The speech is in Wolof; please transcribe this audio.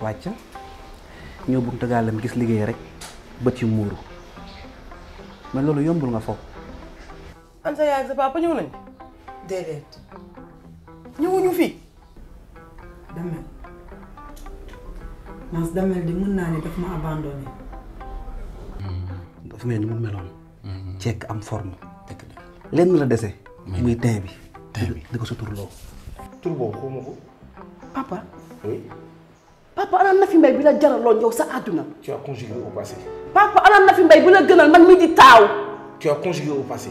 wàcc ñëw buntu gàllam gis liggéey rek bët yu muuru mais loolu yombul nga foofu. an sa yaay sa papa ñëw nañ déedéet ñëwuñu fii. damel Nas di mën naa ne daf ma abandonné. dafa mel ni mu meloon. Mm-hmm. cekk am muy teint bi. di ko sa turloo. tur papa. papa ana Nafi Mbaye bi la jaraloon yow sa àdduna. tu as conjugué au passé. papa ana Nafi Mbaye bi la gënal man mii di taaw. tu as conjugué au passé.